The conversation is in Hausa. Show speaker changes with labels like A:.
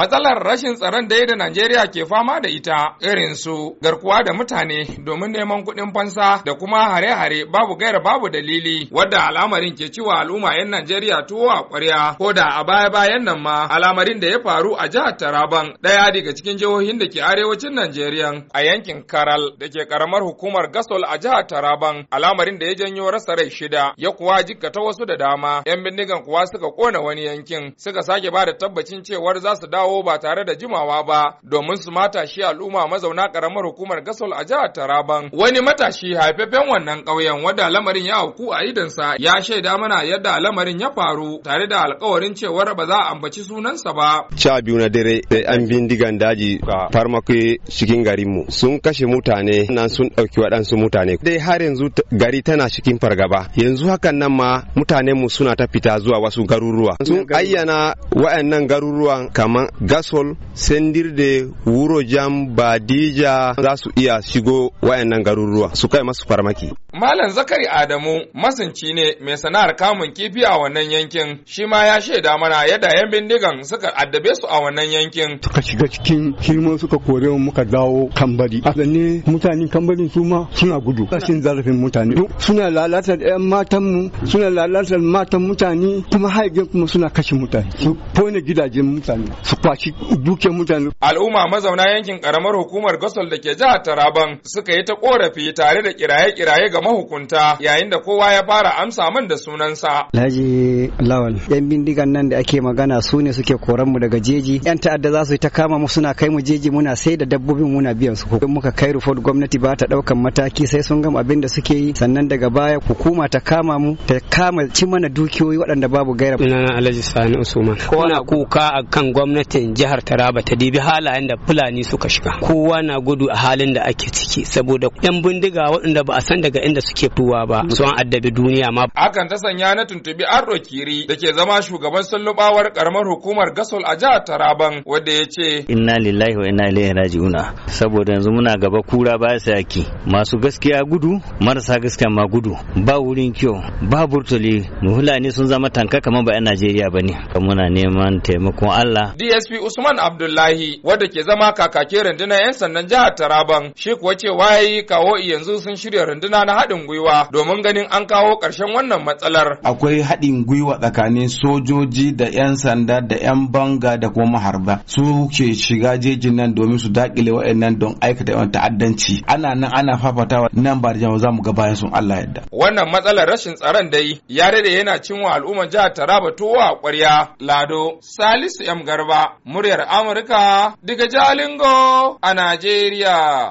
A: matsalar rashin tsaron da da Najeriya ke fama da ita irin su garkuwa da mutane domin neman kuɗin fansa da kuma hare-hare babu gaira babu dalili wadda al'amarin ke ciwa al'umma 'yan Najeriya tuwo a ƙwarya ko da a baya-bayan nan ma al'amarin da ya faru a jihar Taraban ɗaya daga cikin jihohin da ke arewacin Najeriya a yankin Karal da ke karamar hukumar Gasol a jihar Taraban al'amarin da ya janyo rasa rai shida ya kuwa jikkata wasu da dama 'yan bindigan kuwa suka kona wani yankin suka sake ba da tabbacin cewar za su dawo dawo ba tare da jimawa ba domin su matashi al'umma mazauna karamar hukumar Gasol a jihar Taraban. Wani matashi haifafen wannan ƙauyen wanda lamarin ya auku a idansa ya shaida mana yadda lamarin ya faru tare da alkawarin cewar ba za a ambaci sunansa ba.
B: cha biyu na dare an bindigan daji farmaki cikin garinmu sun kashe mutane nan sun ɗauki waɗansu mutane. Dai har yanzu gari tana cikin fargaba yanzu hakan nan ma mutanenmu suna ta fita zuwa wasu garuruwa. Sun ayyana waɗannan garuruwan kamar gasol sendirde wuro jam badija za su iya shigo wayannan garuruwa su kai masu farmaki
A: Malam Zakari Adamu masunci ne mai sana'ar kamun kifi a wannan yankin shi ma ya shaida mana yadda yan bindigan suka addabe su a wannan yankin.
C: Suka shiga cikin hirman suka kore mu muka dawo kambari. A ne mutanen kambarin su ma suna gudu. Rashin zarafin mutane. Suna lalata 'yan matanmu suna lalata matan mutane kuma haigen kuma suna kashe mutane. Su kone gidajen mutane su kwaci dukiyar mutane. Al'umma
A: mazauna yankin karamar hukumar Gasol da ke jihar Taraban suka yi ta korafi tare da kiraye-kiraye game mahukunta yayin da kowa ya fara amsa man da sunansa.
C: Laji Lawal, yan bindigan nan da ake magana su ne suke koran mu daga jeji. Yan ta'adda za su yi ta kama mu suna kai mu jeji muna sai da dabbobin muna biyan su. In muka kai report gwamnati ba ta daukan mataki sai sun gama abin da suke yi sannan daga baya hukuma ta kama mu ta kama ci mana dukiyoyi waɗanda babu gaira.
B: Ina na Alhaji Sani Usman. Kowa na kuka kan gwamnatin jihar Taraba ta dibi halayen da Fulani suka shiga. Kowa na gudu a halin da ake ciki saboda yan bindiga waɗanda ba a san daga inda da suke ba sun addabi duniya ma
A: hakan ta sanya na tuntubi Arro Kiri ke zama shugaban sallubawar karamar hukumar Gasol a jihar Taraban wanda ya
C: ce inna lillahi wa inna ilaihi raji'un. saboda yanzu muna gaba kura ba sa yaki masu gaskiya gudu marasa gaskiya ma gudu ba wurin kyau ba burtuli muhulani sun zama tanka kamar ba 'yan Najeriya ba ne muna neman taimakon Allah
A: DSP Usman Abdullahi wanda ke zama kakakin rundunar 'yan sandan jihar Taraban shi kuwa ce yayi kawo yanzu sun shirya runduna na haɗin gwiwa domin ganin an kawo ƙarshen wannan matsalar. Akwai
C: haɗin gwiwa tsakanin sojoji da 'yan sanda da 'yan banga da kuma maharba su ke shiga jejin nan domin su dakile wa'annan don aikata yawan ta'addanci. Ana nan ana fafatawa nan ba da za mu ga bayan sun Allah yadda.
A: Wannan matsalar rashin tsaron dai ya daɗe yana cinwa al'ummar jihar Taraba towa a ƙwarya. Lado Salisu M Garba muryar Amurka daga Jalingo a Najeriya.